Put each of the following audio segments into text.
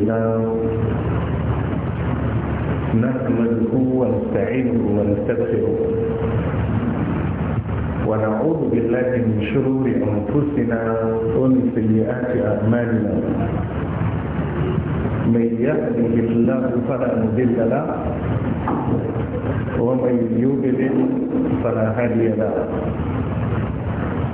الله نحمده ونستعينه ونستغفره ونعوذ بالله من شرور انفسنا ومن سيئات اعمالنا من يهده الله فلا مضل له ومن يضلل فلا هادي له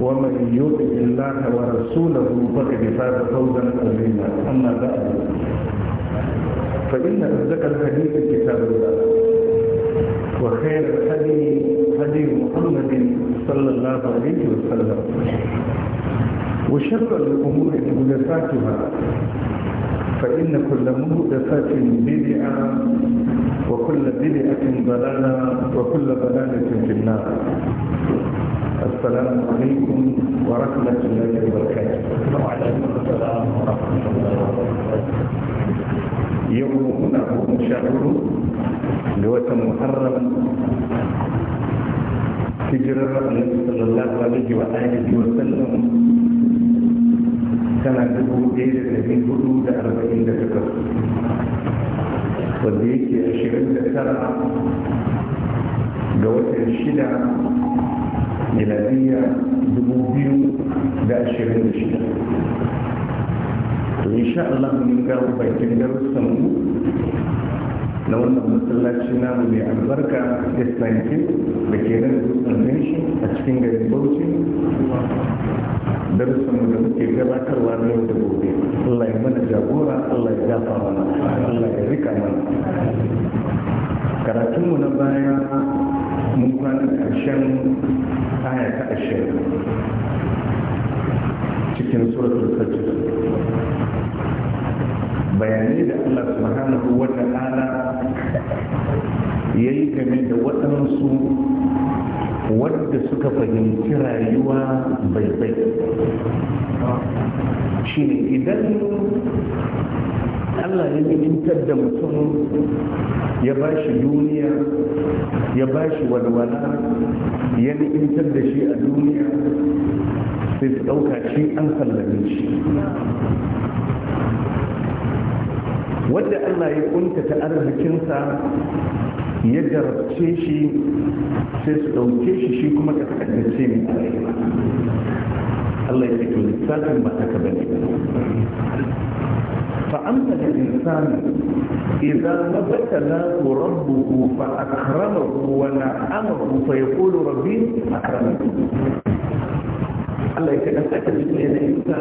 ومن يطع الله ورسوله فقد فاز فوزا عظيما اما بعد فان اصدق الحديث كتاب الله وخير الحديث حديث محمد صلى الله عليه وسلم وشر الامور محدثاتها فان كل محدثات بدعه وكل بدعه ضلاله وكل ضلاله في النار السلام عليكم ورحمة الله وبركاته وعليكم السلام ورحمة الله وبركاته يوم هنا هو شهر لوقت محرم تجرى النبي صلى الله عليه وآله وسلم سنة بوديل الذين بدود أربعين دقيقة وديك يا شيخ الدكتور ga watan miladiyya dubu biyu da ashirin da shida to insha Allah mun ga bakin darussan mu na wannan masallaci na mai albarka s19 da ke nan dutsen shi a cikin garin bauchi darussan da muke gabatarwa na yau da gobe Allah ya mana jagora Allah ya gafa mana Allah ya rika mana karatunmu na baya mun kwanan ƙarshen aya ta ashirin cikin suratul fajr bayanai da Allah subhanahu wa ta'ala yayi game da waɗansu wadda suka fahimci rayuwa baibai shine idan Allah ya ni'intar da mutum ya ba shi duniya ya ba shi walwala ya ni'intar da shi a duniya sai su ɗauka shi an sallame shi wadda Allah ya kuntata arzikinsa ya jarabce shi sai su ɗauke shi shi kuma ka takaddace mai Allah ya fito lissafin ba haka bane أمسك الإنسان إذا ما ابتلاه ربه فأكرمه ونعمه فيقول ربي أكرمه Allah ya kaɗa saka cikin yanayin sa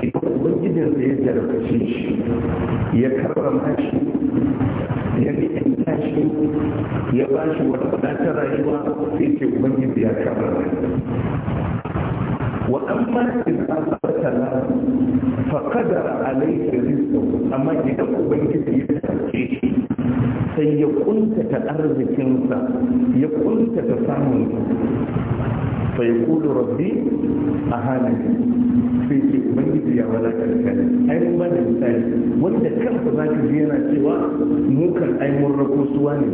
idan ubangijin da ya jarfashi shi ya karɓa shi ya ni'imta shi ya ba shi wata wadatar rayuwa sai ce ubangiji ya karrama wa amma idan aka salam fa kada amma idan ubangiji ya sake shi sai ya kunta ta arzikinsa ya kunta ta samun fa yaqulu rabbi ahana sai ce ubangiji ya wala kalkala ai mun bada misali wanda kansa za ka ji yana cewa mu kan ai mun rako suwa ne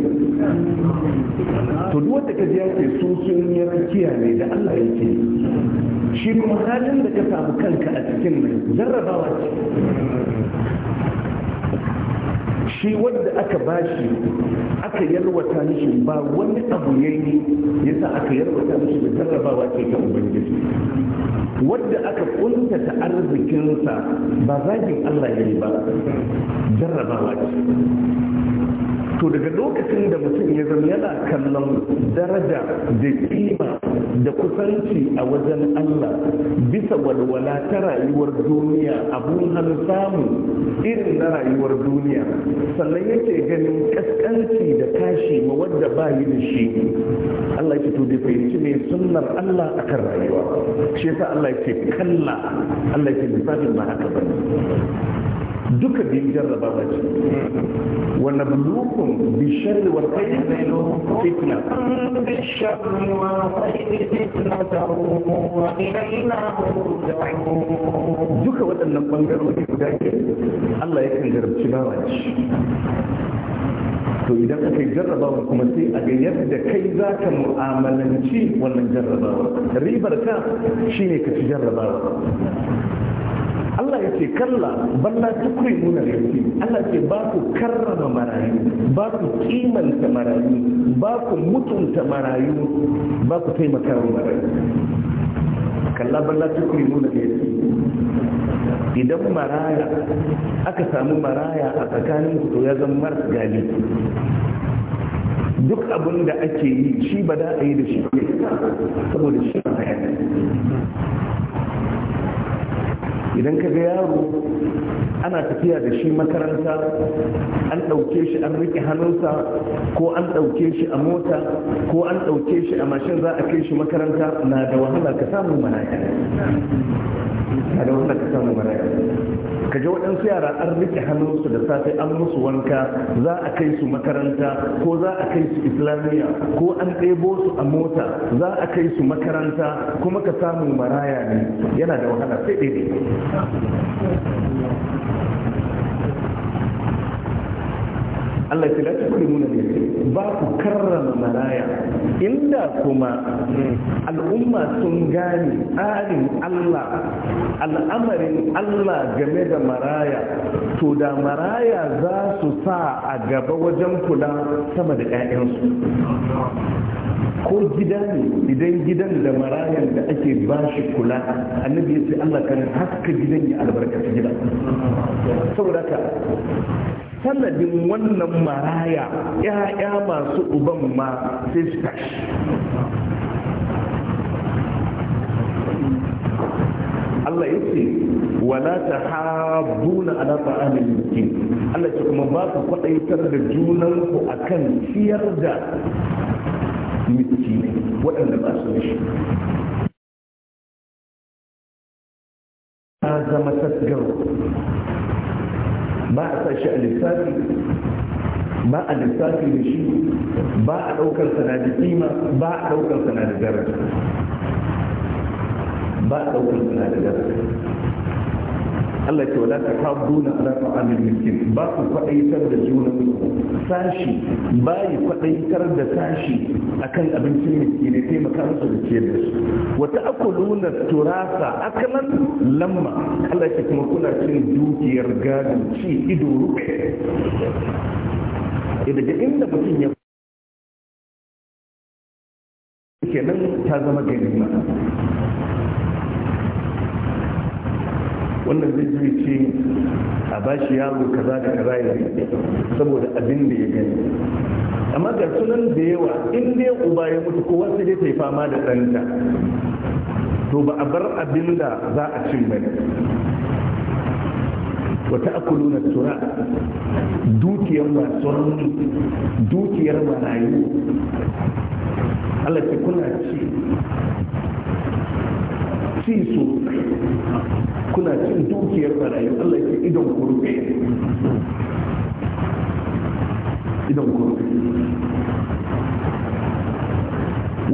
to duk wanda ka ji ya ce su sun yi rakiya ne da Allah yake shi kuma halin da ka samu kanka a cikin nan jarrabawa ce shi wanda aka bashi aka yalwata mishi ba wani abu ya yi yasa aka yalwata mishi da jarrabawa ce ta ubangiji wanda aka ta arzikinsa ba zagin allah ya yi ba jarrabawa ce to daga lokacin da mutum ya zama yana kallon daraja da kima da kusanci a wajen allah bisa walwala ta rayuwar duniya abun hannu samu irin na rayuwar duniya sannan yake ganin kaskanci da tashi ma wadda ba yi da shi Allah yake to bai fahimci ne sunnar Allah akan rayuwa shi yasa Allah yake kalla Allah yake lissafin ba haka bane duka biyu jarraba ba ce wanda bulukun bishar wa kai fitna bishar fitna duka waɗannan ɓangarori guda ke Allah ya kan jarabci ba ce to idan aka yi jarrabawa kuma sai a ga yadda kai za ka mu'amalanci wannan jarrabawa ribar ka shine ka ci jarrabawa Allah ya ce kalla balla tukri nuna yake Allah ce ba ku karrama marayu ba ku kimanta marayu ba ku mutunta marayu ba ku taimaka wa marayu kalla balla tukri nuna yake idan maraya aka samu maraya a tsakanin to ya zama mara gali duk abin da ake yi shi ba da a yi da shi saboda shi a idan ka ga yaro ana tafiya da shi makaranta an ɗauke shi an riƙe hannunsa ko an ɗauke shi a mota ko an ɗauke shi a mashin za a kai shi makaranta na da wahala ka samu manaya na da wahala ka samu manaya ka ji waɗansu yara an riƙe hannunsu da safe an musu wanka za a kai su makaranta ko za a kai su islamiyya ko an ɗebo su a mota za a kai su makaranta kuma ka samu maraya ne yana da wahala sai ɗaya Allah ce la tukrimuna bil ba ku karrama maraya inda kuma al'umma sun gane tsarin Allah al'amarin Allah game da maraya to da maraya za su sa a gaba wajen kula sama da 'ya'yansu ko gida ne idan gidan da marayan da ake ba shi kula annabi ya ce Allah kan haska gidan ya albarkaci gida saboda ka sanadin wannan maraya ya'ya masu uban ma sai Allah ya ce wala ta habuna ala ta'amin miskin Allah ce kuma ba ku da junanku ku akan ciyar da miskin waɗanda ba su shi ta zama tasgaro ba a sa shi a lissafi ba a lissafi da shi ba a ɗaukar sana da kima ba a ɗaukar sana da daraja ba a ɗaukar sana da daraja Allah ce wala takabuna ala ta'amil miskin ba ku kwadaitar da juna sashi ba yi kwadaitar da sashi akan abincin miskine sai makaransu da ciyar da su wata akuluna turasa akalan lamma Allah ce kuma kuna cin dukiyar gadon ci ido daga inda mutum ya kenan ta zama ganima wannan zai ce a bashi yaro kaza da kaza ya saboda abin da ya gani amma ga sunan da yawa in dai uba ya mutu kowa wasu dai ta yi fama da ɗanta to ba a bar abin da za a cin ne. wata na tura dukiyar masu dukiyar marayu Allah ce kuna ci ci su. kuna cin dukiyar barayi Allah ya ce idan kurbe idan kurbe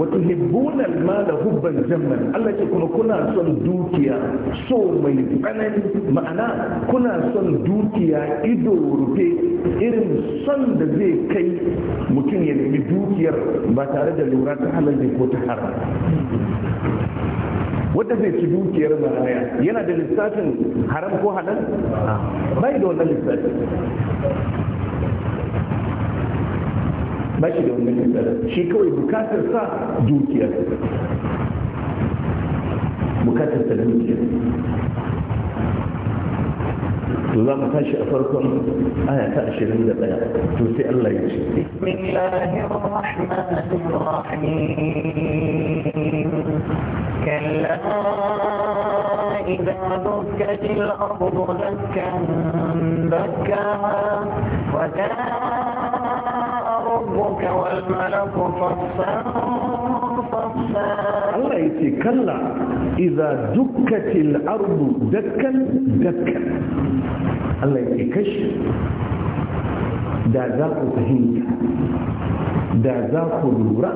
wata hibbunan ma da hubban jamman Allah ce kuma kuna son dukiya so mai tsanani ma'ana kuna son dukiya ido rufe irin son da zai kai mutum ya nemi dukiyar ba tare da lura ta halalli ko ta haram wadda zai ci dukiyar maraya yana da lissafin haram ko halal bai da wannan lissafin ba shi da wannan kasar shi kawai bukatar sa dukiya bukatar sa dukiya to za mu tashi a farkon aya ta ashirin da ɗaya to sai Allah ya ce كلا إذا دكت الأرض دكا دكا وجاء ربك والملك صفا Allah ya "Kalla, iza dukkatil arbu dakkan dakkan." Allah ya ce, "Kashi, da za fahimta, da za ku lura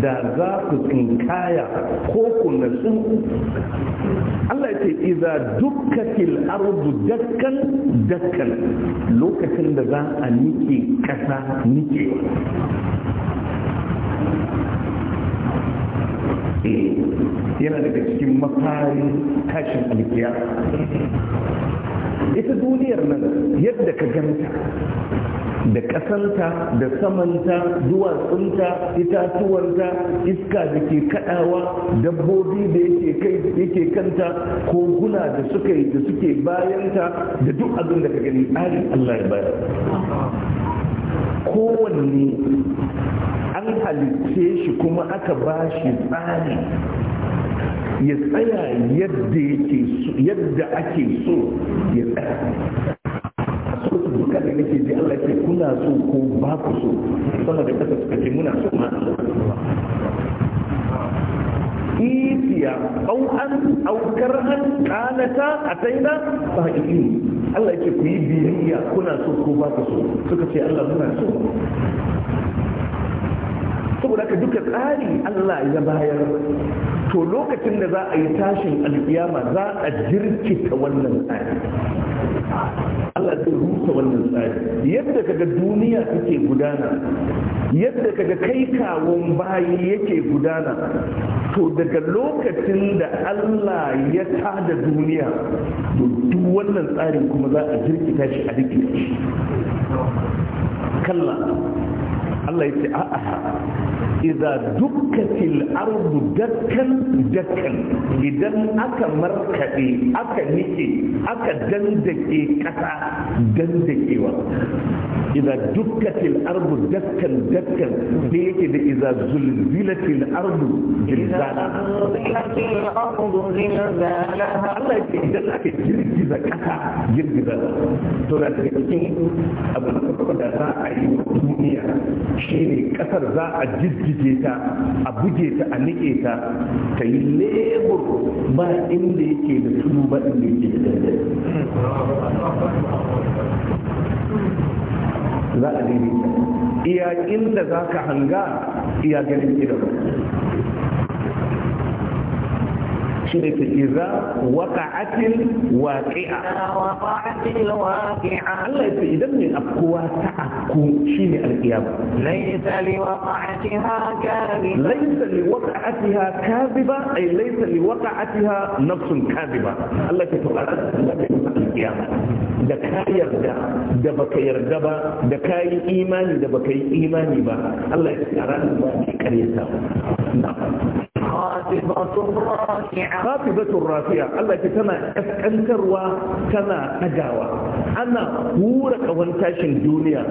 da za ku tsinkaya ko ku nasu Allah ce iza dukkatil ardu dakkan dakkan lokacin da za a nike kasa nike eh, yana daga cikin mafarin tashin alkiya ita duniyar nan yadda ka ganta da ƙasanta da samanta duwatsunta itatuwanta iska da ke kaɗawa dabbobi da yake kanta koguna da suka yi da suke bayanta da duk abin da ka gani ari Allah ya bayar kowanne an halitce shi kuma aka ba shi tsari ya tsaya yadda ake so ya tsaya so su duka kuna so ko ba ku so sama da kasa suka ce muna so ma Isiya au an aukar an kanata ataina fa hakiki Allah yake ku yi biyayya kuna so ko ba ku so suka ce Allah muna so saboda ka duka tsari Allah ya bayar to lokacin da za a yi tashin alkiyama za a jirkita wannan tsari Allah zai rusa wannan tsari yadda kaga duniya take gudana yadda kaga kai kawon bayi yake gudana to daga lokacin da Allah ya tada duniya to duk wannan tsarin kuma za a jirkita shi a duk kalla Allah ya ce a'a idza dukkatil ardu dakkan dakkan idan aka markade aka nike aka dandake kasa dandakewa idza dukkatil ardu dakkan dakkan da yake da idza zulzilatil ardu zilzala Allah ya ce idan aka girgiza kasa girgiza to da cikin abin da za a yi duniya shine kasar za a jijjige ta a buge ta a nike ta ta yi lebur ba inda yake da tulu ba inda yake da za a daidaita iya inda za ka hanga iya ganin idan shi ne ta iza waka'atil waqi'a Allah ya ce idan ne afkuwa ta afku shi ne alƙiyama laisa li waqa'atiha kadhiba laisa li waqa'atiha kadhiba ay laisa li waqa'atiha nafsun kadhiba Allah ya ce to alƙiyama da ka yarda da baka yarda ba da ka yi imani da baka yi imani ba Allah ya ce a ranar ba ne karyata خافضة رافعة خافضة رافعة التي يقول أسألك أسكنتروا كما أجاوى ana hura kawan tashin duniya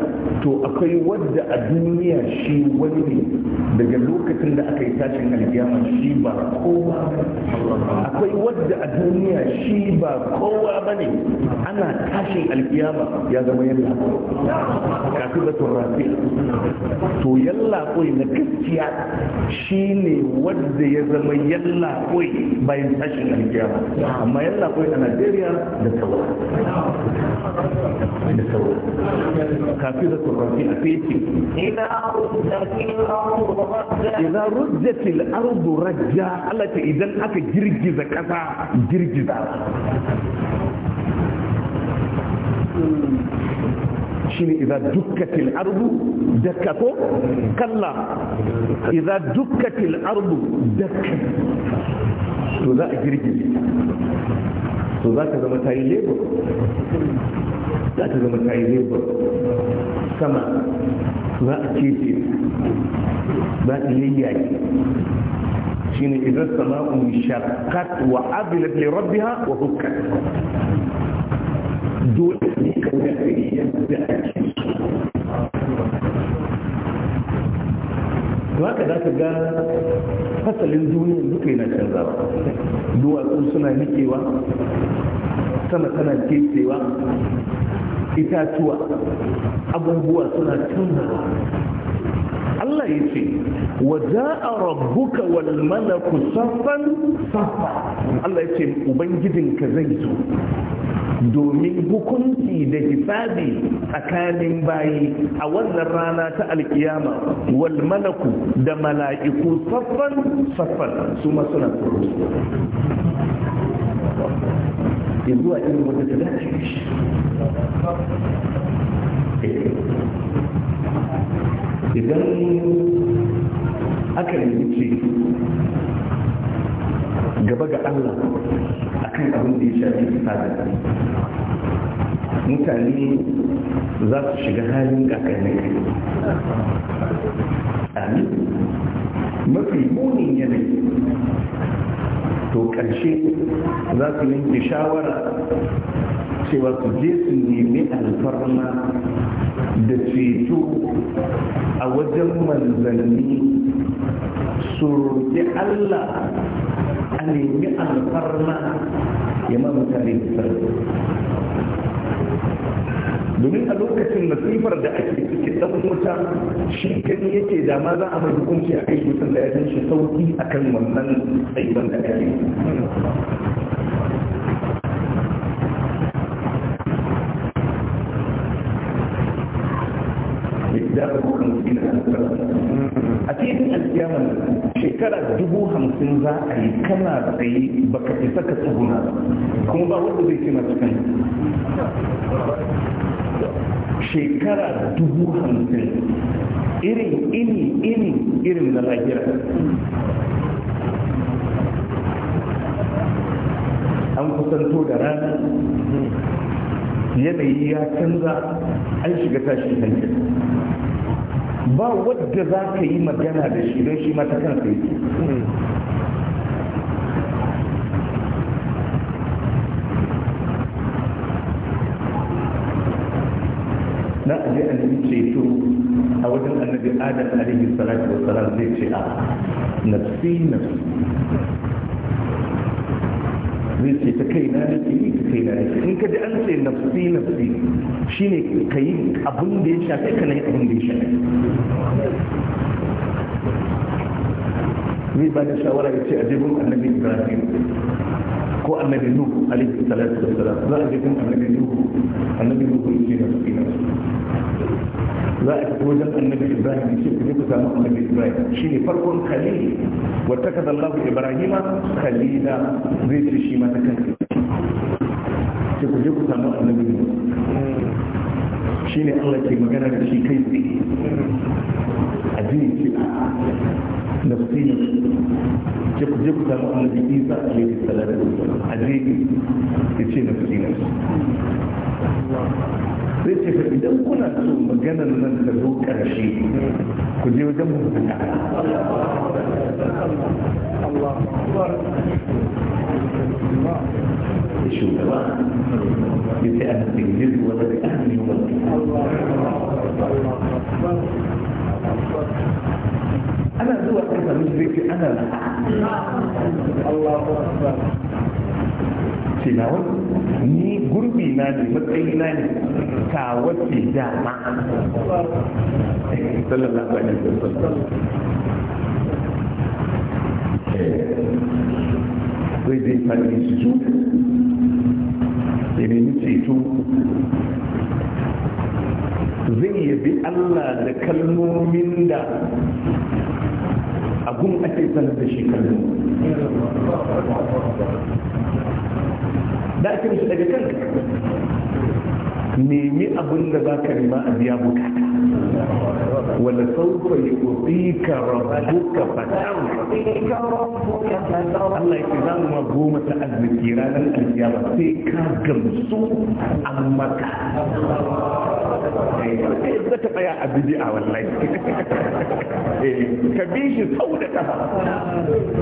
to akwai wadda a duniya shi wani ne daga lokacin da aka yi tashin alkiyama shi ba kowa akwai wadda a duniya shi ba kowa ba ne ana tashin alkiyama ya zama yalla kafin da turafi to yalla koi na gaskiya shi ne wadda ya zama yalla koi bayan tashin alkiyama amma yalla koi a najeriya da sauran إذا رجت الأرض رجا التي إذا أكا جرجز كذا جرجز شيني إذا دكت الأرض دكتو كلا إذا دكت الأرض دكت لا za to za ka zama ta yi lebur za ta zama ta yi lebur sama za a cece za ta yi yaki shi ne idan sama'u shakat wa abilat rabbi ha wa hukka dole ne ka wuce da ake haka za ka ga fasalin duniya duka yana canza duwatsu suna nikewa sama tana kekewa itatuwa abubuwa suna canza. Allah ya ce wa za'a rabbuka wal malaku saffan saffa Allah ya ce ubangijinka zai zo domin hukunci da hisabi tsakanin bayi a wannan rana ta alkiyama wal malaku da mala'iku saffan saffan su masu suna irin wanda eh. idan aka yi gaba ga Allah a kan abin da ya shafi fada mutane za su shiga halin kakanni kai amin mafi munin yanayi to ƙarshe za su yanke shawara cewa su je su nemi alfarma da ceto a wajen manzanni su roƙi Allah nemi alfarma ya ma mutane da domin a lokacin masifar da ake ciki dan wuta shi gani yake da ma za a mai hukunci a kai wutan da ya san shi sauki akan wannan tsayuwan da ake da abokan gina a a cikin alkiyama shekara dubu hamsin za a yi kana tsaye baka isa ka tsuguna kuma ba wanda zai ce masu kan shekara dubu hamsin irin ini ini irin na lahira an kusanto da rana yanayi ya canza an shiga tashin hankali ba wadda za ka yi magana da shi don shi mata kan sai na aje a yi ceto a wajen annabi adam alaihi salatu wasalam zai ce a nafsi nafsi zai ce ta kai na nake yi ta kai na nake in ka ji an ce nafsi nafsi shine ka yi abin da ya shafi ka na yi abin da ya shafe zai ba da shawara ya ce a jibin annabi ibrahim ko annabi nuhu alaihi salatu wassalam za a jibin annabi nuhu annabi nuhu ce nafsi nafsi za a fito wajen annabi ibrahim ce ku je samu annabi ibrahim shi ne farkon khalil wata kaza allah ibrahima khalila zai ce shi ma ta kansa ce ku je ku samu annabi shi ne allah ke magana da shi kai tsaye a jini ce a nafsina ce ku je ku samu annabi isa alaihi salatu a jini ya ce nafsina zai ce ka idan kuna so maganar nan ta zo karshe ku je wajen mutum shugaba ya ce ana tingin wata da ƙarfi wata ana zuwa ƙasa mutum zai ce ana Allah ce na ni gurbi na ne matsayi na ne ta wace dama sallallahu alaihi wasallam eh, zai zai fadi su ya nemi ceto zai yabi Allah da kalmomin da abun ake sanar da shi kalmomin da ake musu daga kan nemi abin da za ka rima a biya buka ولسوف يؤتيك ربك فتعرض الله يتزال مظلومة الذكيران الكثيرة فيك قرصو عمك إيه، إيه، إذا تبقى يا أبدي أولاي إيه، كبيش سودك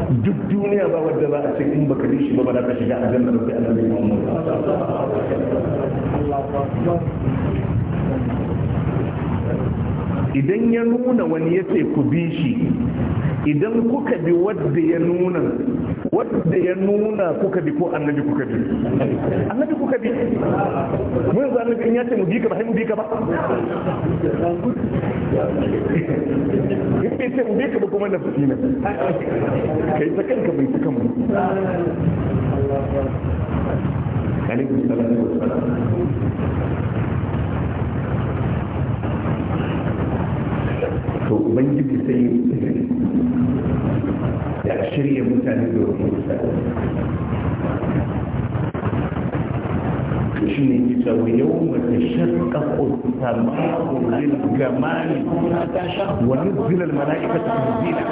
دب دوني أبا ودلاء سيكون بكبيش بابا لا تشجع جنة ربي أنا بي محمد الله أكبر idan ya nuna wani ya ce ku bi shi idan kuka bi wadda ya nuna wadda ya nuna kuka bi ko annabi kuka bi annabi kuka bi mun yanzu annabi ya ce mu bi ka ba mu bi ka ba in ce mu bi ka ba kuma na fi ne kai ta kanka bai ta mu alaikum salatu wassalam to ubangiji sai ya shirya mutane da wasu shi ne kisa wa yau mace shakka kusa ma'akulin gamani wani zilar mala'ika ta zina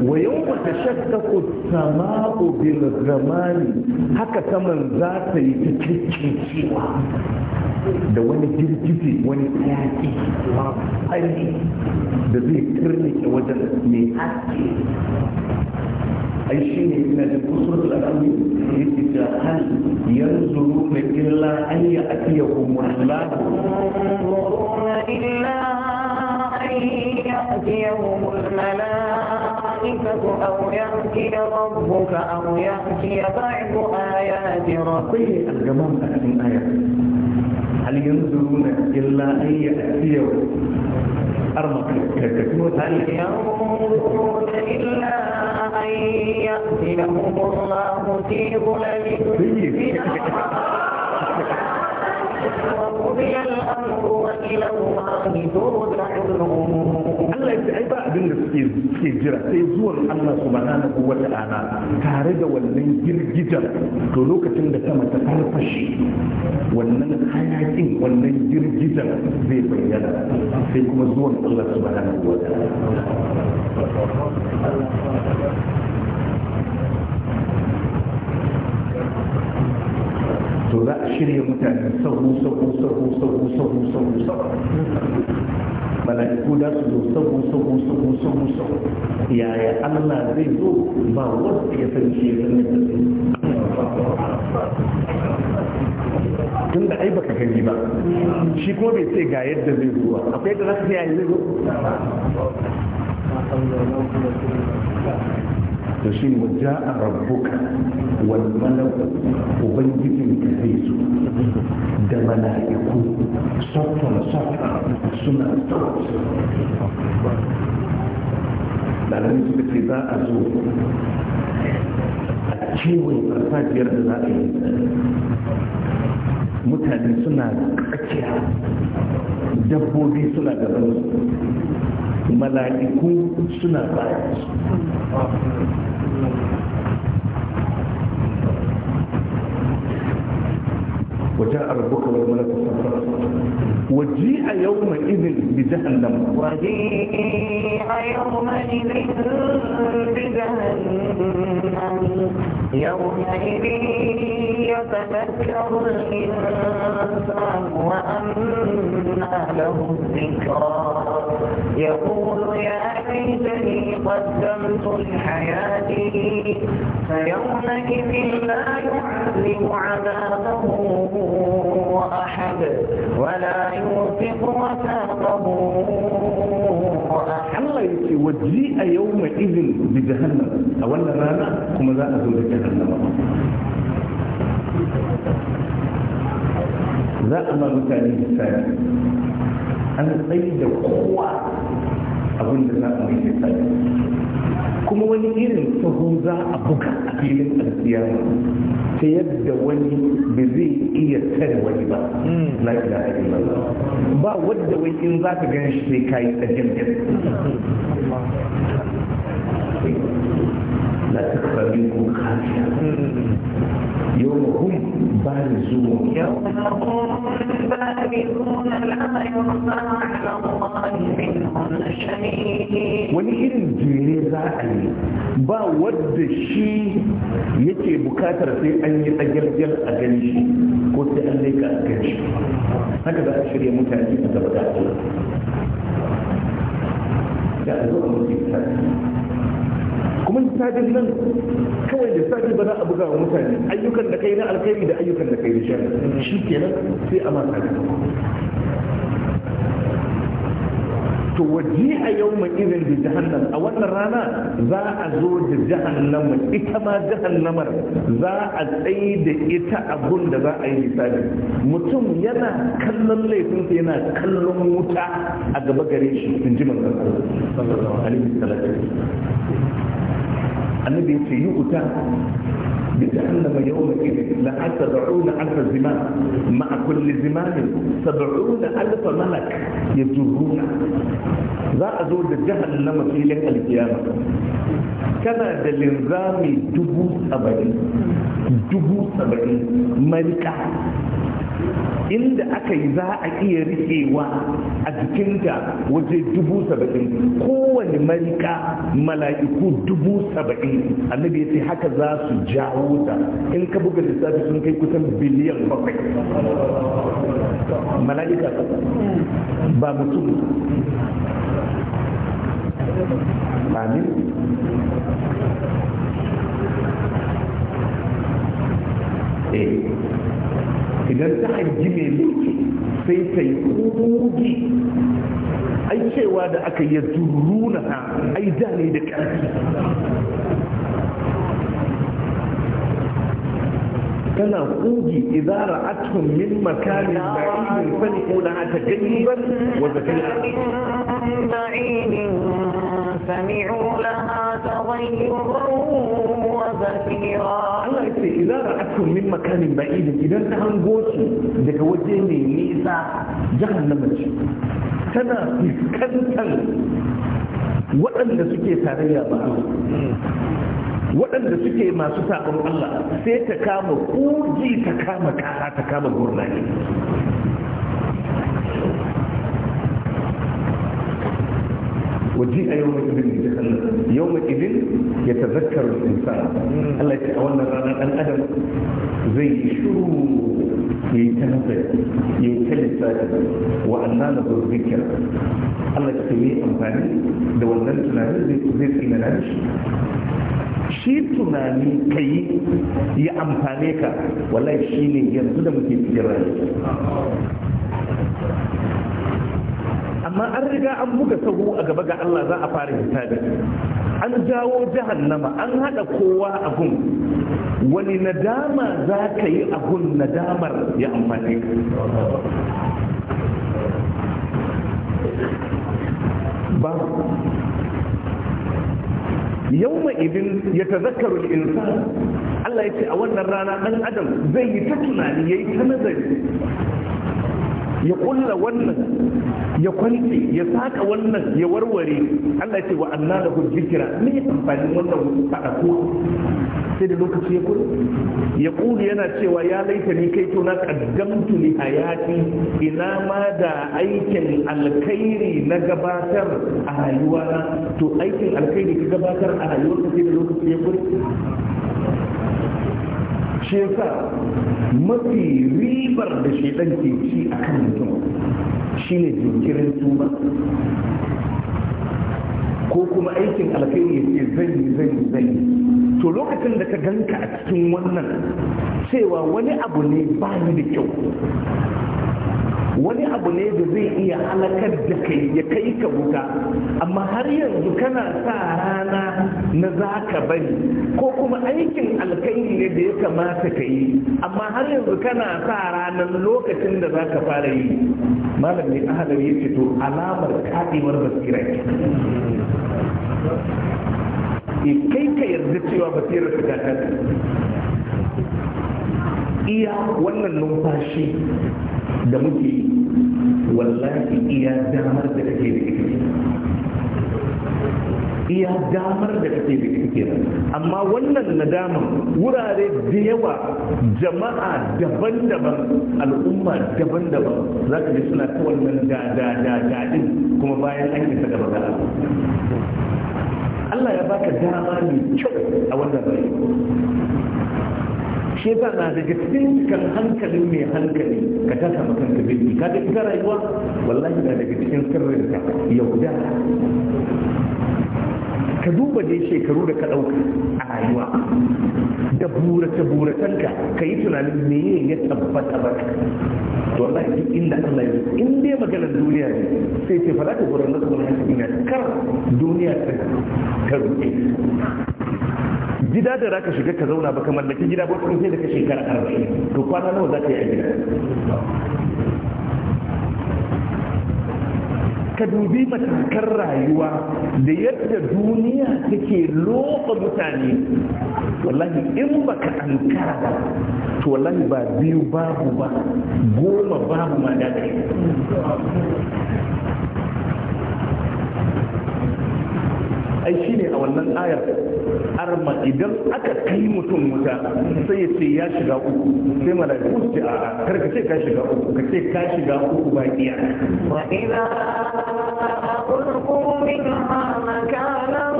ويوم تشكك السماء بالغمام haka saman za ta yi ta kirkicewa da wani girgizi wani yaƙi fari da zai kirnike wajen mai haske ai shi ne ina da kusur da alamu ya ce ta hal yanzu mai illa an yi a iya kuma يأتيهم الملائكة أو يأتي ربك أو يأتي بعض آيات ربك الجمال أكثر آيات هل ينظرون إلا أن يأتيهم أرمك لكتبوت هل ينظرون إلا أن يأتيهم الله في ظلل طيب. قضي الأمر وإلى الله ترجع الأمور Allah ya ce ai ba abin da suke suke jira sai zuwan Allah subhanahu wa ta'ala tare da wannan girgijar to lokacin da sama ta farfashe wannan hayakin wannan girgijar zai bayyana sai kuma zuwan Allah subhanahu wa ta'ala to za a shirya mutane sahu sahu sahu sahu sahu sahu sahu mala'iku za su zo sahu sahu sahu sahu sahu yaya Allah zai zo ba wanda ya san shi ya san tun da ai baka gani ba shi kuma bai ce ga yadda zai zuwa akwai yadda za ka sai yayi zai zo to shi mu wa ja'a rabbuka wal malaku ubangijin ka zai zo da mala'iku saffan saffan suna tsawo ɗalibai suka ce za a zo a ciwon farfajiyar da za a yi mutane suna tsakiya dabbobi suna gaban mala'iku suna bayan Thank you. وجاء ربك والملك صفا وجيء يومئذ بجهنم وجيء يومئذ بجهنم يومئذ يتذكر الإنسان وأنى له الذكرى يقول يا ليتني قدمت لحياتي فيومئذ لا يعذب عذابه أحد ولا يوثق وثاقه أحد الله يتي وجيء يومئذ بجهنم تولى رانا كما ذا أزول جهنم za a ma mutane misali an tsaye da kowa abin da za a mai da kuma wani irin tsoho za a buga a filin alkiyama ta yadda wani ba zai iya tare wani ba hmm. la ilaha illallah ba wadda wani in za ka gan shi sai kayi tsajin لا تخفى منكم خافية يوم هم بارزون يوم هم ba wani irin jere za a yi ba wadda shi yake bukatar sai an yi tsagyargyar a gani shi ko sai an leka a gani shi haka za a shirya mutane a gaba da ake da a zuwa kuma lissafin nan kawai lissafi ba za a buga wa mutane ayyukan da kai na alkhairi da ayyukan da kai da shari'a shi kenan sai a mata to waje a yau mai irin da jahannam a wannan rana za a zo da jahannama ita ma jahannamar za a tsaye da ita abun da za a yi lissafi mutum yana kallon laifinsa yana kallon wuta a gaba gare shi sun ji manzon Allah النبي في يؤتى بجهنم يومئذ إذن سبعون ألف زمان مع كل زمان سبعون ألف ملك يزورون ذا الجهل بجهنم في ليلة القيامة كما دلنظام دبو سبعين دبو سبعين ملكة inda aka yi za a iya riƙewa a jikinta waje dubu saba'in kowane marika mala'iku dubu saba'in annabi ya ce haka za su jawo ta in ka buga lissafi sun kai kusan biliyan bakwai mala'ika ba mutum amin eh idan ta hajji mai mulki sai ta yi kogi ai cewa da aka yi zurruna ai da ne da ƙarfi tana kugi idara atun min makamin ba'idin fani ko na ta gani ba wanda ta سمعوا لها تغيرا وزفيرا الله يقول إذا رأتكم من idan بعيد hango su daga waje mai nisa jahannama ce tana fuskantar waɗanda suke tarayya ba waɗanda suke masu sabon Allah sai ta kama kuji ta kama kasa ta kama gurnani waji a yau mai idin da yau mai idin Allah ya ce wannan ranar dan adam zai yi shuru ya yi ta nazari ya yi ta lissafi wa Allah ya amfani da wannan tunanin zai shi shi tunani ka yi ya amfane ka wallahi shi ne yanzu da muke cikin rayuwa amma an riga an buga sahu a gaba ga Allah za a fara hisabi an jawo jahannama an haɗa kowa a gun wani nadama za ka yi a gun nadamar ya amfani ba ma idin ya tazakkaru insan Allah ya ce a wannan rana dan adam zai yi ta tunani yayi ta nazari ya kulla wannan ya kwance ya saka wannan ya warware Allah ce wa anna da zikira ne amfani wannan fada ko sai da lokaci ya kulla ya kulla yana cewa ya laita ni kai to na kaddamtu li hayati ina ma da aikin alkhairi na gabatar a rayuwa to aikin alkhairi ka gabatar a rayuwa sai da lokaci ya kulla shi mafi ribar da shaidan ke ci a kan mutum ne jinkirin tuba ko kuma aikin alkhairi ya ce zan yi zan to lokacin da ka ganka a cikin wannan cewa wani abu ne ba ni da kyau wani abu ne da zai iya halakar da kai ya kai ka wuta amma har yanzu kana sa rana na za ka bari ko kuma aikin alkairi ne da ya kamata ka yi amma har yanzu kana sa ranar lokacin da za ka fara yi malam ne ahadar ya ce to alamar kaɗewar basira eh, kai ka yarda cewa basirar ta iya wannan numfashi da muke wallahi iya damar da kake da ita iya damar da kake da ita kenan amma wannan nadaman wurare da yawa jama'a daban-daban al'umma daban-daban za ka ji suna ta wannan da da da da din kuma bayan an yi gaba da Allah ya baka dama ne kyau a wannan bayan shi yasa na daga cikin kan hankalin mai hankali ka ta samu kanka bi ka da ita rayuwa wallahi na daga cikin sirrin ka yauda ka duba dai shekaru da ka ɗauka a rayuwa da burace buracenka ka yi tunanin me ne ya tabbata ba to Allah ya inda Allah ya in dai magana duniya ne sai ce fa za ka gura nasu wani hankali na kar duniya ta ruɗe gida da zaka shiga ka zauna ba ka mallaki gida ba kuma sai da ka shekara arba'in to kwana nawa za ka yi a gida ka dubi matakan rayuwa da yadda duniya take lofa mutane wallahi in baka ankara ba to wallahi ba biyu babu ba goma babu ma da ai shi ne a wannan ayar arma idan aka kai mutum wuta sai ya ce ya shiga uku sai mana su ce a'a kar ka ce ka shiga uku ka ce ka shiga uku ba iya wa idza ulqu minha makanan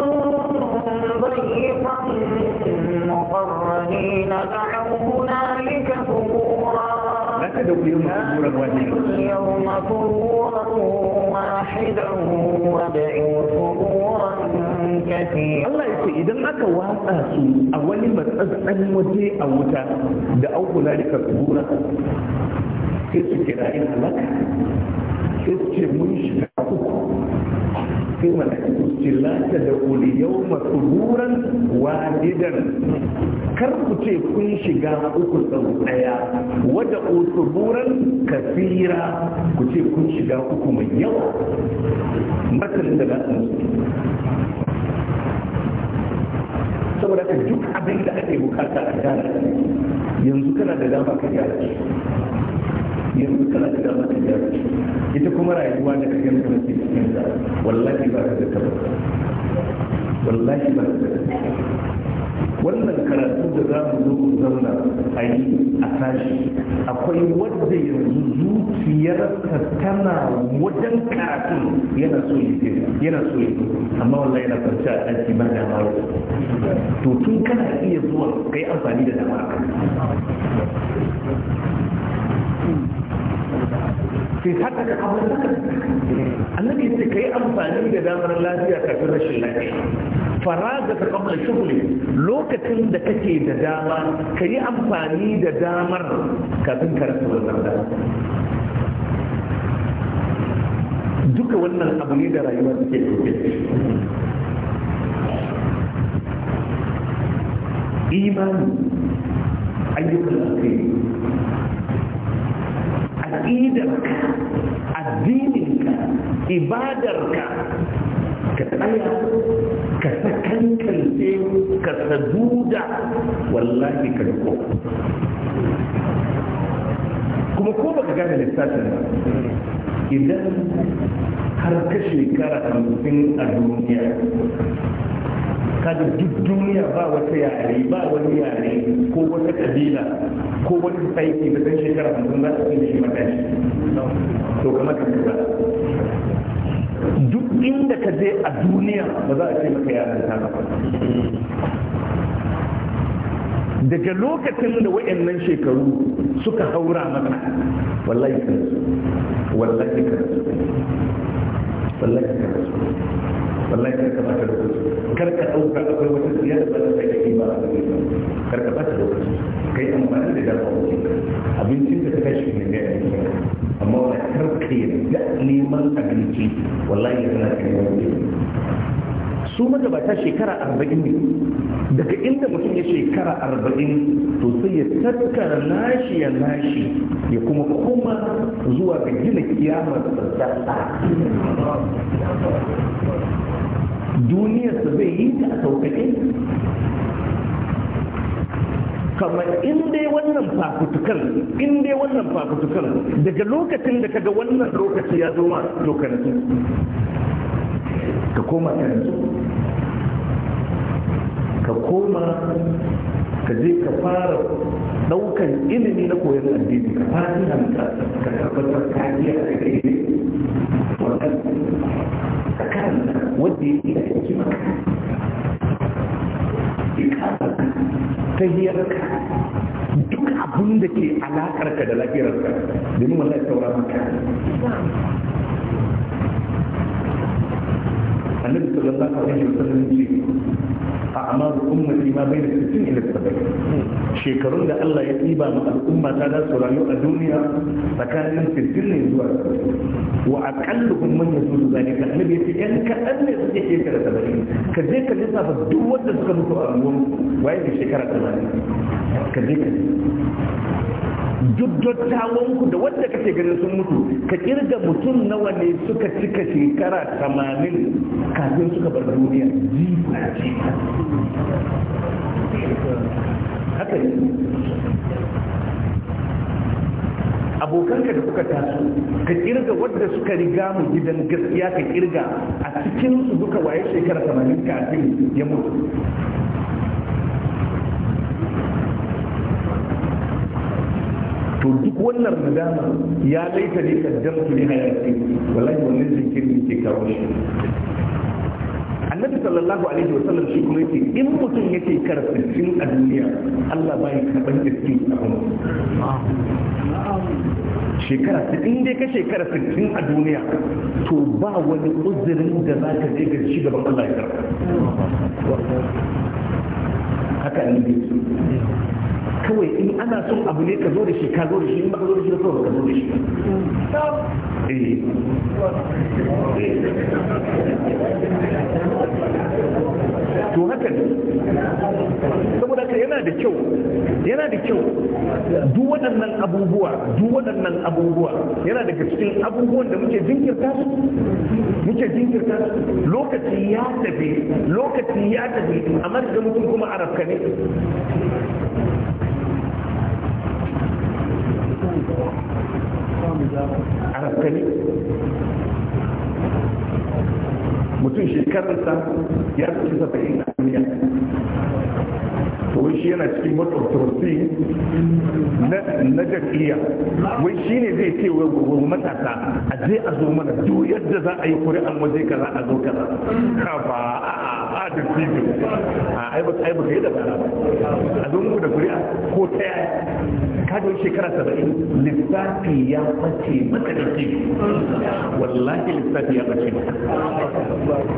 ضيقا مقرنين دعوا تبدأ اليوم سرورا واحدا اليوم سرورا واحدا وادعوا سرورا كثيرا الله يقول إذا أكا واقع سوء أولي ما تسأل وجه أوتا da aukula da karkura sai su kira in halaka sai su ce mun shiga uku sai malaka ce da uli yau masuburan wajidan kar ku ce kun shiga uku sau daya wadda usuburan kasira ku ce kun shiga uku mai yawa matan da za saboda ka duk abin da ake bukata a gyara yanzu kana da dama ka gyara yanzu kana da mata jari ita kuma rayuwa da kagan kana ke cikin ta wallahi ba ka da tabbata wallahi ba ka da wannan karatu da za mu zo mu zauna a yi a tashi akwai wadda yanzu zuciyarsa tana wajen karatun yana so ya yana so ya ce amma wallahi yana kwanci a ɗanci ba da mawa to tun kana iya zuwa kai amfani da dama sai haka da abu annabi sai kai amfani da damar lafiya kafin rashin lafiya faraga ta kamar shugule lokacin da kake da dama ka yi amfani da damar kafin ka karatu da dama duka wannan abu ne da rayuwa suke ɗauke imani ayyukan a aqidar ibadarka ka tsaya ka sakankance ka saduda wallahi ka dako kuma ko baka gane lissafin ba idan har ka shekara hamsin a duniya kada duk duniya ba wata yare ba wani yare ko wata kabila ko wani aiki da ɗan shekara hamsin za su yi shi matashi to kamar ka ba duk inda ka je a duniya ba za a ce maka yaran ta ba daga lokacin da wayannan shekaru suka haura maka wallahi ka wallahi ka wallahi ka wallahi ka ka bata lokaci kar ka dauka akwai wata siyasa ba ta kai ba kar ka ta lokaci kai amfani da dafa abincin da ta kashi ne ne a cikin amma ba karka yarda neman abinci wallahi ya tana kai wani su magabata shekara arba'in ne daga inda mutum ya shekara arba'in to sai ya tattara nashi ya nashi ya kuma kuma zuwa ga gina kiyamar sassa duniyarsa zai yi ta a sauƙaƙe kamar in dai wannan fafutukar in dai wannan fafutukar daga lokacin da kaga wannan lokaci ya zo ma to ka ka koma ka nutsu ka koma ka je ka fara daukan ilimi na koyon addini ka fara tunanta ka tabbatar ka iya ka kai wannan ka karanta wanda tahiyarka duk abin da ke alakarka da lafiyarka domin saura maka annabi sallallahu alaihi wasallam ce a amaru ummati ma bai da sittin ila saba'in shekarun da Allah ya ɗiba ma al'umma ta da su rayu a duniya tsakanin sittin ne zuwa wa aqalluhum man yazuzu zalika annabi yace yan kaɗan ne suke shekara saba'in ka je ka lissafa duk wanda suka mutu a anguwan waye da shekara saba'in ka je ka duk dattawanku da wanda kake ganin sun mutu ka kirga mutum nawa ne suka cika shekara tamanin kafin suka bar duniya haka ne abokanka da suka taso ka kirga wadda suka riga mu gidan gaskiya ka kirga a cikin su duka waye shekara 80 kafin ya mutu to duk wannan nadama ya laita ne su ne hayati wallahi wannan jinkirin ke kawo shi annabi sallallahu alaihi wa sallam shi kuma yake in mutum yake karfafin a duniya Allah ba ya karɓar a abin shekara ta in dai ka shekara 60 a duniya to ba wani uzurin da za ka je ga shi gaban Allah ya karɓa haka ne kawai in ana son abu ne ka zo da shi ka zo da shi in ba ka zo da shi ba kawai ka zo da shi eh. to haka ne saboda ka yana da kyau yana da kyau duk waɗannan abubuwa duk waɗannan abubuwa yana daga cikin abubuwan da muke jinkirta su muke jinkirta su lokaci ya tafi lokaci ya tafi amma da mutum kuma arabka ne arabka ne mutum shekararsa ya tafi saba'in a duniya wai shi yana cikin matsortorsi na jam'iyya wai shi ne zai ce wa matasa a je a zo mana duk yadda za a yi kuri'an waje kaza a zo kaza ka ba a'a a da cikin a da bara a zo muku da kuri'a ko ta yaya shekara saba'in lissafi ya bace maka da cikin wallahi lissafi ya bace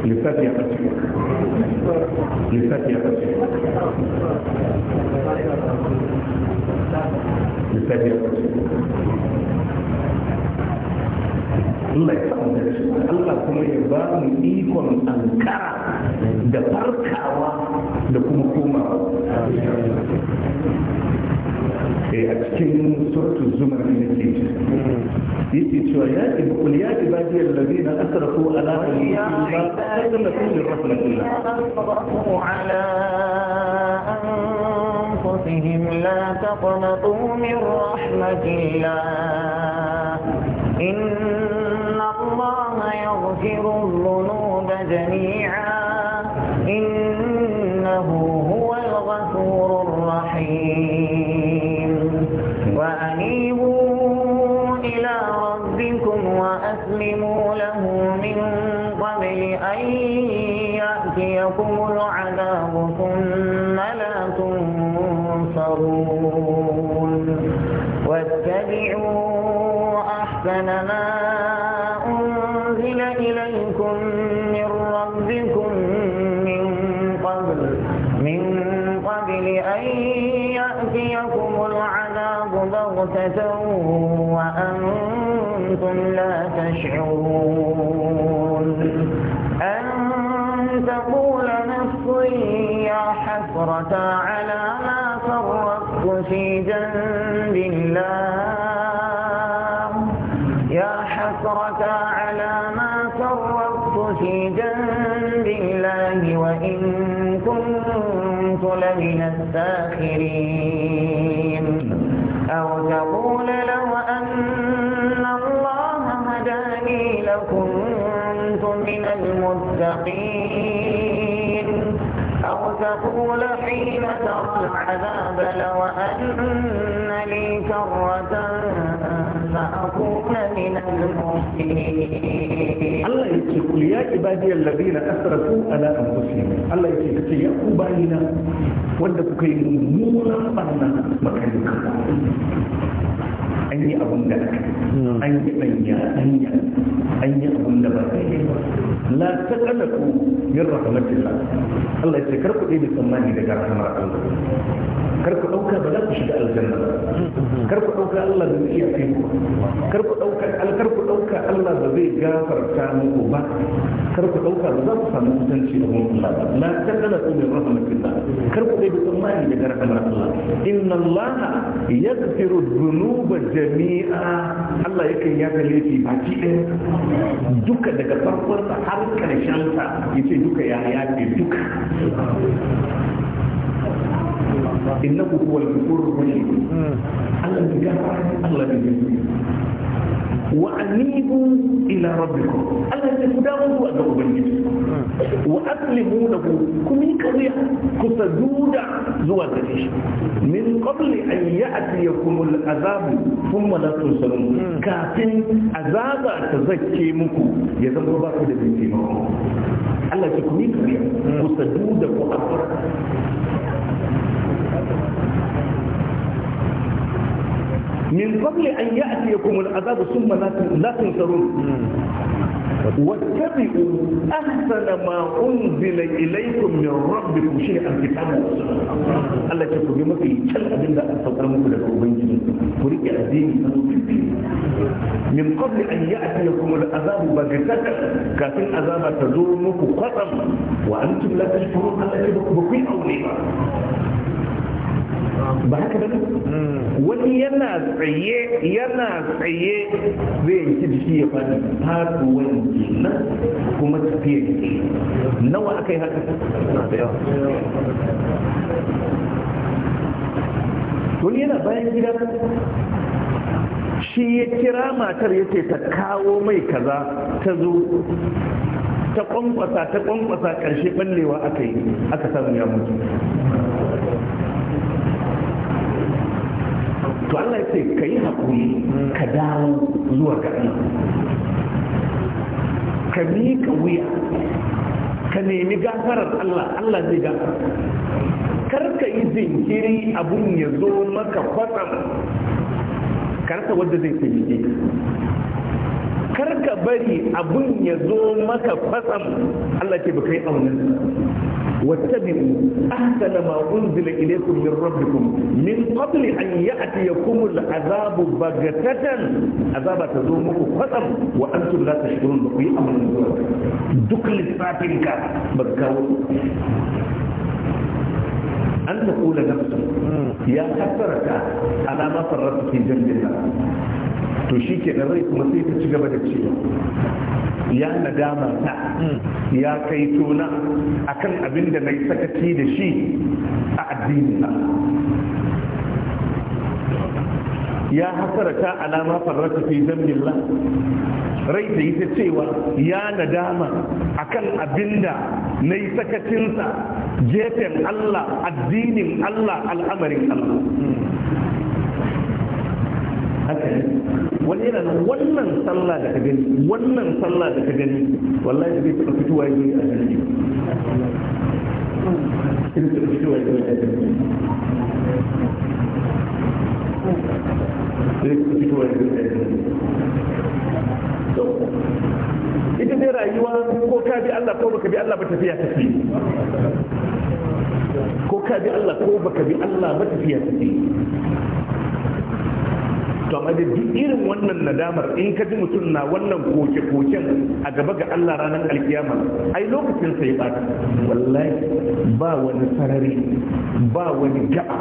lissafi ya bace lissafi ya lissafi ya Allah ya samu da shi Allah kuma ya ba mu ikon ankara da farkawa da kuma komawa eh, a cikin surtu zumar ne ke ci yake cewa ya ki kul ya ki badi alladhina asrafu ala anfusihim la taqnatu min rahmatillah الله يغفر الذنوب جميعا إنه هو الغفور الرحيم وأنيبوا إلى ربكم وأسلموا وأنتم لا تشعرون أن تقول نفسي يا حسرة على ما فرطت في جنب الله يا حسرة على ما فرطت في جنب الله وإن كنت لمن الساخرين يقين أو تقول حين ترى العذاب لو أن لي كرة فأكون Allah ya ce kul ya ibadiyar ladina asrafu ala anfusihim Allah ya ce ce ya ku bayina wanda kuka yi mummunan barna makalika an yi abun da aka an yi danya danya an yi abun da ba kai ba la taqalaku min rahmatillah Allah ya ce kar ku dai tsammani daga rahmar Allah kar ku ɗauka ba za ku shiga aljanna kar ku ɗauka Allah bai iya kai ku kar ku dauka kar ku ɗauka Allah ba zai gafarta muku ba kar ku ɗauka ba za ku samu mutunci da mun Allah ba la tadala ku min rahmatillah kar ku dai tsammani daga rahmar Allah inna Allah yaghfiru dhunuba jami'a Allah yakan yaga laifi baki ɗaya duka daga farkon sa har karshen sa yace duka ya ce duka innahu huwal ghafurur rahim hmm. Allah ne gafara Allah ne وأنيبوا إلى ربكم ألا تفداؤه أن أبنجد وأسلمونه كمي كريا كتدود زوات من قبل أن يأتيكم الأذاب ثم لا تنسوا كافين أذاب تزكي يزم رباك لبنتي مكم ألا تكمي كريا كتدود وأفر من قبل أن يأتيكم العذاب ثم لا تنكرون واتبعوا أحسن ما أنزل إليكم من ربكم شيئا كتابا الله يقول لك في كل أبن لا أستطيع لك أبنجي ولك من قبل أن يأتيكم العذاب بغتة كافي العذاب تزور مكو قطم وأنتم لا تشكرون الله يقول بكل أولياء ba haka ba wani yana tsaye yana tsaye zai yanki jiki ya faɗi faɗi wani kenan kuma tafiya ke nawa aka yi haka wani yana bayan gida shi ya kira matar ya ce ta kawo mai kaza ta zo ta kwankwasa ta kwankwasa karshe ɓallewa aka yi aka samu ya mutu to Allah ya ce ka yi haƙuri ka dawo zuwa ga ka miƙa wuya ka nemi gafarar Allah Allah zai gafara ka yi jinkiri abun ya zo maka kwatsam karka wadda zai taimake karka bari abun ya zo maka fasam Allah ce baka yi aunin wattabi'u ahsana ma unzila ilaykum min rabbikum min qabli an ya'tiyakum al'azabu bagatatan azaba ta zo muku fasam wa antum la tashkurun ba ku yi aunin duk lissafin ka ba kawo an ta kula nafsu ya kasarta alama farrata fi jannata to shi ke da rai kuma sai ta ci gaba da cewa ya nadama ta ya kai tona kan abin da mai sakaci da shi a addini na ya ta alama farrata fi la rai ta yi ta cewa ya nadama abin da na yi sakacinsa gefen Allah addinin Allah al'amarin Allah haka ne wani yana nan wannan sallah da ka gani wannan sallah da ka gani wallahi zai taɓa fitowa ya a jirgi ita dai rayuwa ko ka bi Allah ko baka bi Allah ba tafiya tafi ko ka bi Allah ko baka bi Allah ba tafiya tafi to amma da duk irin wannan nadamar in ka ji mutum na wannan koke-koken a gaba ga Allah ranar alkiyama ai lokacin sai ba wallahi ba wani sarari ba wani ga'a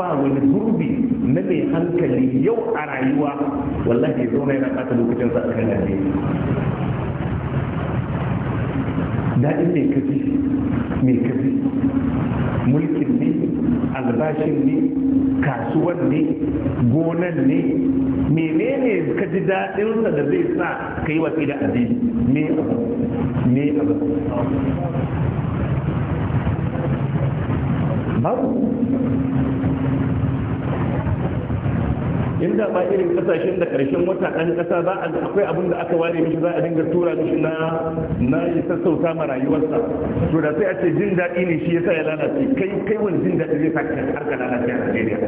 ba wani gurbi na mai hankali yau a rayuwa wallahi ya zauna yana ɓata lokacin sa a kan daɗin mai kafi mai kafi mulki albashin ne kasuwan ne gonan ne menene ka ji daɗin sa da zai sa ka yi watsi da addini ne ne in da ba irin kasashen da karshen wata ɗan ƙasa za a akwai abin da aka ware mishi za a dinga tura mishi na na yi sassauta ma rayuwarsa to da sai a ce jin daɗi ne shi yasa ya lalace kai kai wani jin daɗi zai saka har ka lalace a Najeriya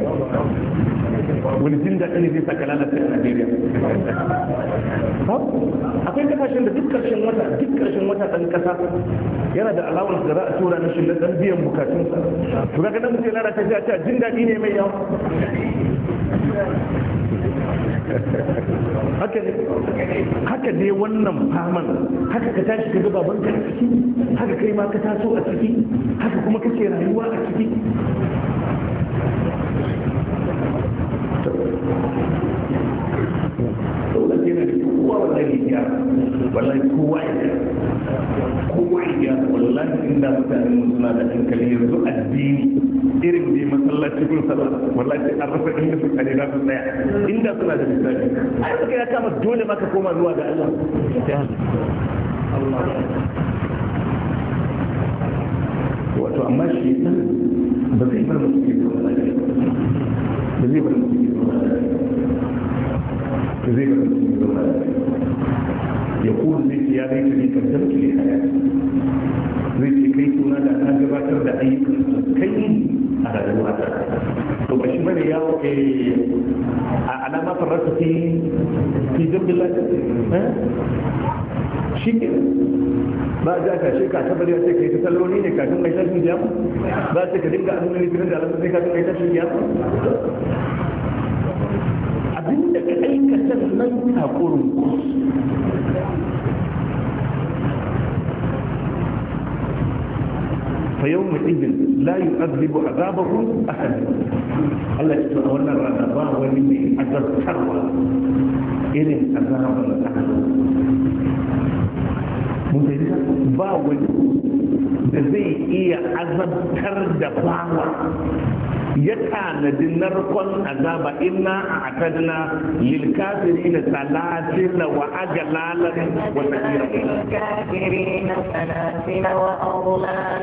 wani jin daɗi ne zai saka lalace a Najeriya akwai kasashen da duk karshen wata duk karshen wata ɗan ƙasa yana da alawar da za a tura mishi na ɗan biyan bukatunsa to kaga dan mutum ya lalace sai a ce jin daɗi ne mai yawa haka ne wannan faman haka ka tashi ka ga banka a ciki haka kai ma ka taso a ciki haka kuma kake rayuwa a ciki kowa wallahi ya wallahi kowa ya kowa ya wallahi inda mutane suna da hankali yanzu addini irin da masallaci kun sala wallahi an rasa inda su kare na su tsaya inda suna da misali ai suka ya kama dole maka koma zuwa ga Allah Allah wato amma shi ba zai bar musu ke zuwa ba zai bar musu ke zuwa ba zai bar musu ya kuru zai ya zai ta ne kaddam ki ne haya zai ce kai suna da na gabatar da ayyukan kai a rayuwa da to ba shi ya a alama farrasa ba ka shi ka tabbari ya ce ka ta salloli ne kafin mai tashin jiyama ba ce ka dinga azumin litinin da alamun sai kafin mai tashin jiyama abinda ka aikata nan takurin kursu فيوم إذن لا يؤذب عذابه أحد الله يتعاون الرضا ومن أجل حروا إذن عذاب الأحد ممكن ba إيه da zai iya ya tanadi narkon azaba inna a'tadna lil na salasila wa aglalan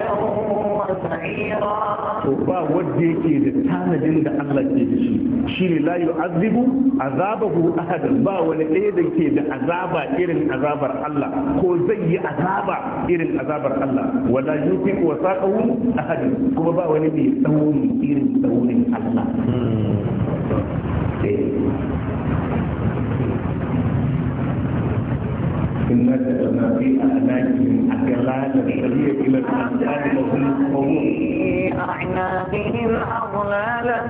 wa sa'ira to ba wanda yake da tanadin da Allah ke da shi shine la yu'azzibu azabahu ahad ba wani ɗaya da ke da azaba irin azabar Allah ko zai yi azaba irin azabar Allah wala yufiqu wasaqahu ahad kuma ba wani mai tsauni irin da wurin Allah. Eh. Inna da ɗana fi a alaƙi a ƙirla ta ta da mafi وقطعنا بهم أغلالا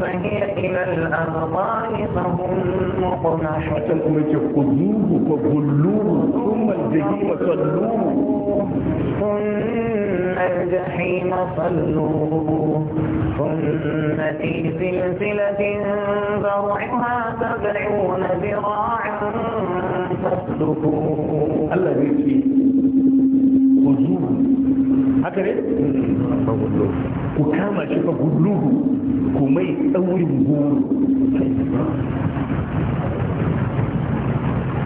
فهي إلى الأغضان فهم مقمحون ثم الجحيم صلوه ثم الجحيم صلوه ثم في سلسلة ذرعها سبعون ذراعا فاسلكوه الذي haka ne ku kama shi fa gulluhu ku mai tsaurin goro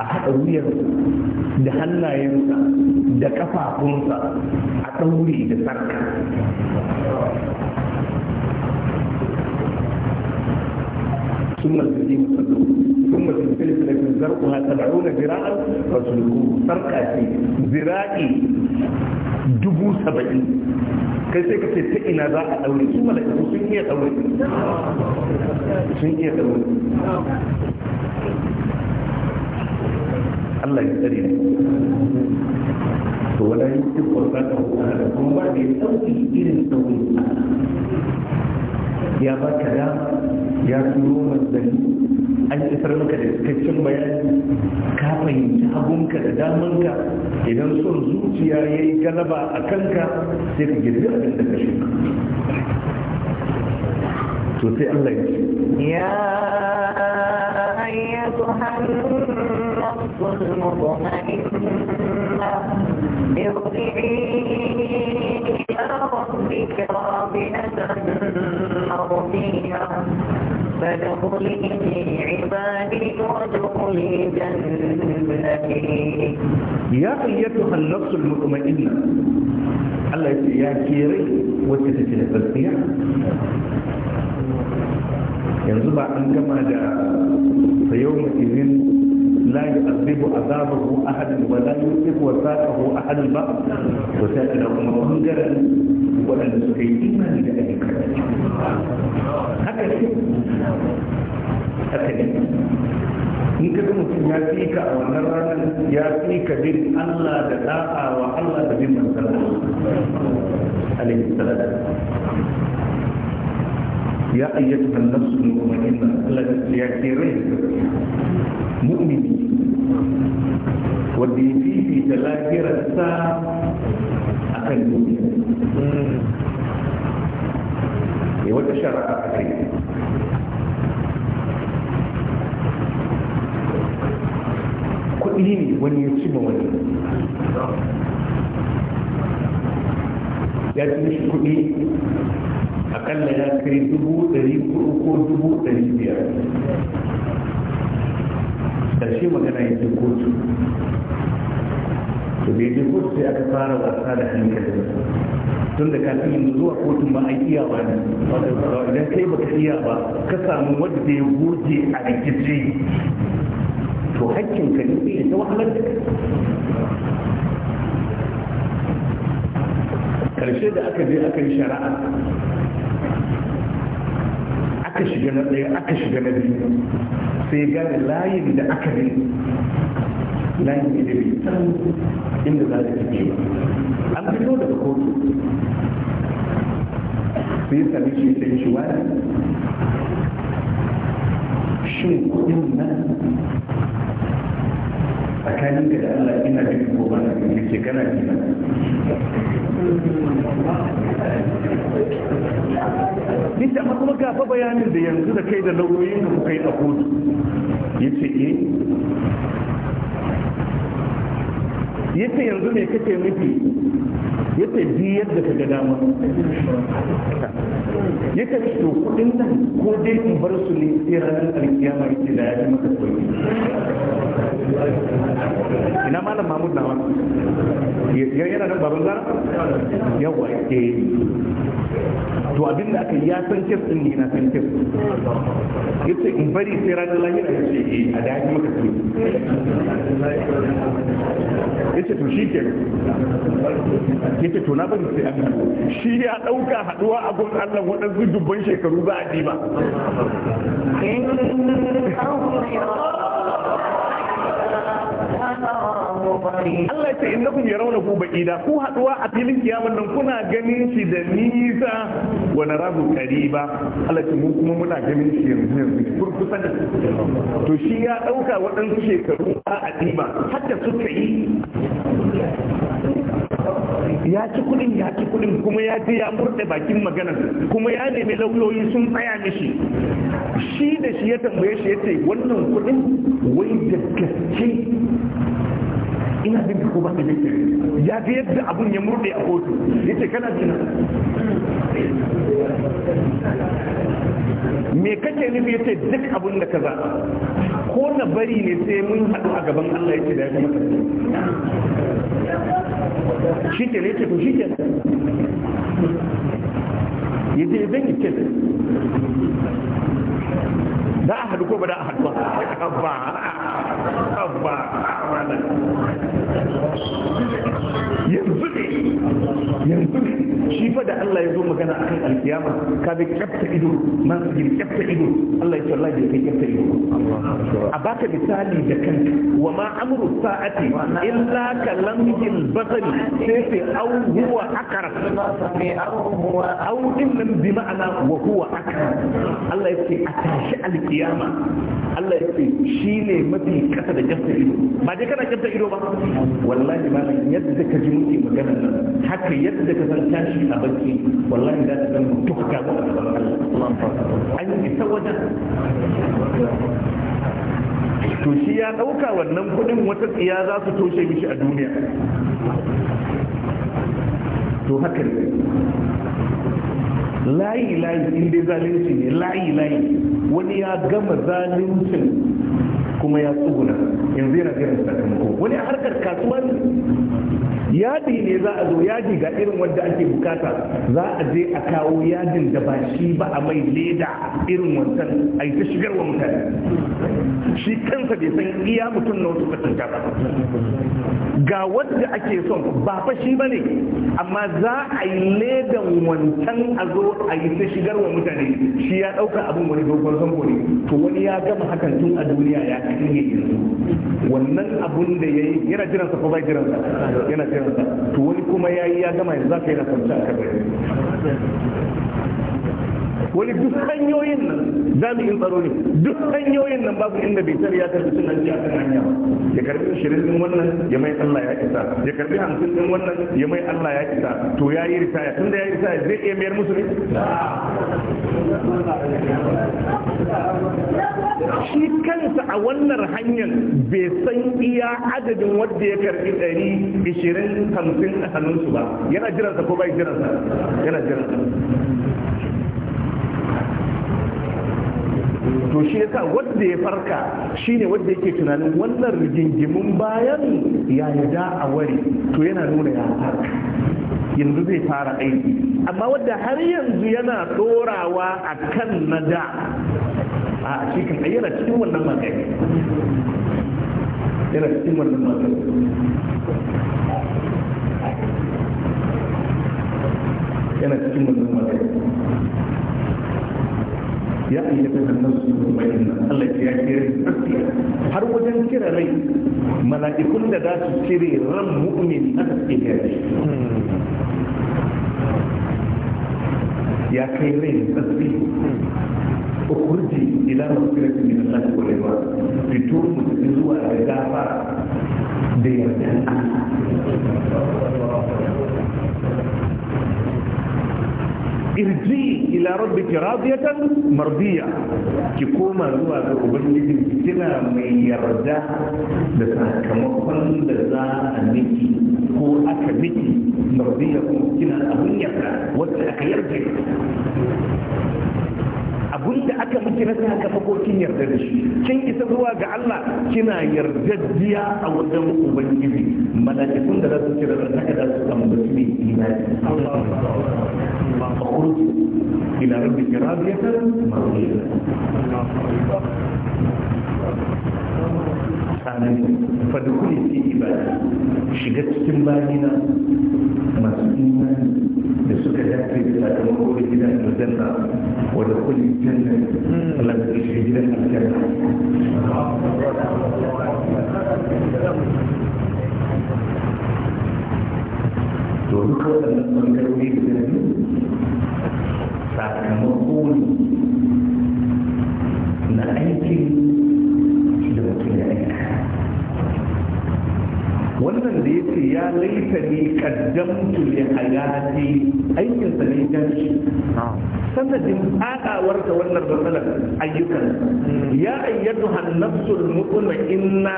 a haɗa wuyar da hannayensa da ƙafafunsa a ɗaure da sarka sun masu ثم في سلسلة زرعها سبعون ذراعا فاسلكوه سرقة ذراعي dubu saba'in kai sai ka ce ta ina za a ɗaure su mala'iku sun iya ɗaure sun iya ɗaure Allah ya tsare to wala yi duk kwasa ta hukuna da kuma ba da ya ɗauki irin ɗaure ya ba ka da, ya turo manzanni an isar maka da cikakken bayani ka fahimci hagunka da damanka idan son zuciya ya yi galaba a kanka sai ka girbi abin da ka shuka to sai Allah ya ce ya ayyatuhan nafsul mutmainna irji'i ila rabbika radiyatan فادخلي عبادي وادخلي جنتي يا أيتها النفس المطمئنة Allah ce ya kere wacce take da tsatsiya yanzu ba an gama da sayau mutumin la yu'azibu azabahu ahadun wa la yusifu wasaqahu ahadun ba to sai da kuma bangaren wadanda suka yi imani da ake haka haka ne in ka ga mutum ya fi ka a wannan ranar ya fi ka bin Allah da da'a wa Allah da bin manzon alaihi salatu ya ayyatu an-nafs al-mu'minna allati yakhirin mu'mini wanda yafi fi ta lafiyar sa akan duniya يعني وتشرق فيه كلين وين يتسمى وين لازم مش كلين أقل لا كريم دبو تريم كوكو دبو تريم بيا تشي ما كان يتكوت تبيت في أكثر وأكثر حين كتبت tun da kafin yanzu zuwa kotun ba a iya ba ne idan kai baka iya ba ka samu wanda ya goge a rikici to hakkin ka ne ya ta wahalar da karshe da aka je aka yi shari'a aka shiga na ɗaya aka shiga na biyu sai gane layin da aka bi na yi ilimi can inda za ta fice an fito daga kotu sai ya sami shi sai shi wani shin kudin nan tsakanin da Allah ina jin ko ba na da ke gana ne ba Nita amma kuma gafa bayanin da yanzu da kai da lauyoyin da kuka yi a kotu ya ce eh yake yanzu me kake nufi yake bi yadda ka ga dama yake to kudin nan ko dai in bar su ne sai ranar alkiyama yake da ya maka koyi ina malam mahmud na wani ya yana da baban zara yawa ke eh. to abin da aka ya san kes din ne na san kes ya ce in bari sai ranar lahira ya ce eh a da ya maka su ya ce to shi ke ya ce to na bari sai an shi ya ɗauka haɗuwa a gun allah waɗansu dubban shekaru ba a ba? Allah ya ce innakum yarawnahu ba'ida ku haduwa a filin kiyaman nan kuna ganin shi da nisa wa narahu qariba Allah ya mu kuma muna ganin shi yanzu yanzu kurkusa da to shi ya dauka waɗansu shekaru a adiba hatta ka yi ya ci kudin ya ci kudin kuma ya je ya murɗe bakin maganar kuma ya nemi lauyoyi sun tsaya mishi shi da shi ya tambaye shi ya ce wannan kudin wai da gaske ko ba ka je ya ga yadda abun ya murde a kotu yace kana jina me kake nufi yace duk abun da kaza ko na bari ne sai mun haɗu a gaban Allah yace da ya kuma shi ke ne ce to shi ke yace zan yi ce da a hadu ko ba da a hadu ba abba yanzu ne yanzu ne shi fa da Allah ya zo magana akan alkiyama ka bi kyafta ido man su bi kyafta ido Allah ya ce Allah ya kai kyafta ido a baka misali da kanka wa ma amru sa'ati illa kalamhil basari sai sai au huwa akara au din nan bi ma'ana wa huwa akara Allah ya ce a tashi alkiyama kiyama Allah ya ce shi ne mafi kasa da kyafta ido ba je kana kyafta ido ba wallahi ba yadda ka ji muke magana nan haka yadda ka san tashi a bacci wallahi za ka san duka ka ga Allah an yi ta wajen to shi ya ɗauka wannan kuɗin wata tsiya za su toshe mishi a duniya to haka ne layi layi in dai zalunci ne layi layi wani ya gama zaluncin kuma ya tsuguna yanzu yana jiran sakamako wani a harkar kasuwa ne yadi ne za a zo yadi ga irin wanda ake bukata za a je a kawo yadin da ba shi ba a mai leda irin wancan a yi ta shigar wa mutane shi kansa bai san iya mutum na wasu ba ga wanda ake son ba fa shi ba ne amma za a yi ledan wancan a zo a yi ta shigar wa mutane shi ya ɗauka abin wani dogon zango ne to wani ya gama hakan tun a duniya ya kai ne wannan abun da ya yi yana jiransa ko bai sa yana sa to wani kuma ya yi ya gama yanzu za ka yi na kwanci a kabari wani duk hanyoyin nan za mu yi tsaro ne duk hanyoyin nan babu inda bai tsari ya karbi sunan hanci a kan hanya ba ya karbi shirin din wannan ya mai Allah ya isa ya karbi hamsin din wannan ya mai Allah ya isa to ya yi ritaya tunda ya yi ritaya zai iya mayar musu ne shi kansa a wannan hanyar bai san iya adadin wanda ya karbi ɗari ishirin hamsin a hannunsu ba yana jiransa ko bai jiransa yana jiransa to shi yasa wanda ya farka shine wanda yake tunanin wannan rigingimun bayan ya yada a ware to yana nuna ya farka yanzu zai fara aiki amma wadda har yanzu yana dorawa a kan na da a cikin yana cikin wannan magani yana cikin wannan magani yana cikin wannan magani ya ayi da nan su kuma inna Allah ya kire gaskiya har wajen kira rai mala'ikun da za su kire ran mu'min aka ce ya ya kai rai gaskiya ukurji ila mafirati min Allah ko lewa fito mu zuwa da gafa da yarda ارجي الى ربك راضية مرضية تكوما زوا تقبلني بكتنا من يرجع لسا كمقفن لسا أنيكي هو أكبتي مرضية كمكتنا أهنية وسا أكيرجي abin da aka miki na sakamako kin yarda da shi kin isa zuwa ga Allah kina yardajiya a wajen ubangiji mala'ikun da za su kira da haka da su samu da su ne imani fakhruj ila rabbika radiyatan mardiya amin fadkhuli fi ibadi shiga cikin bayina masu imani ذاتي أتمنى إلى المجنة ودخول الجنة لم تشهد لها الجنة domin waɗannan ɓangarori da biyu sakamako na aikin wannan da ya ce ya laita ne kaddamtu li hayati aikin sa ne gashi sanadin fadawar ta wannan matsalar ayyukan ya ayyatu hannafsul mutuna inna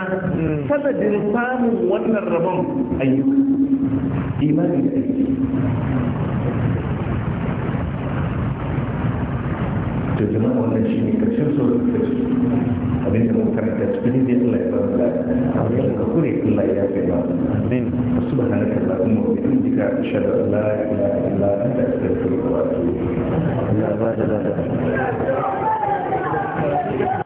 sanadin samun wannan rabon ayyuka imani da aiki to jama'a wannan shi ne karshen sauran karshen abin da muka karanta cikin ne Allah ya ba mu Allah ya fi amin subhanaka allahumma wa bihamdika ashhadu an la da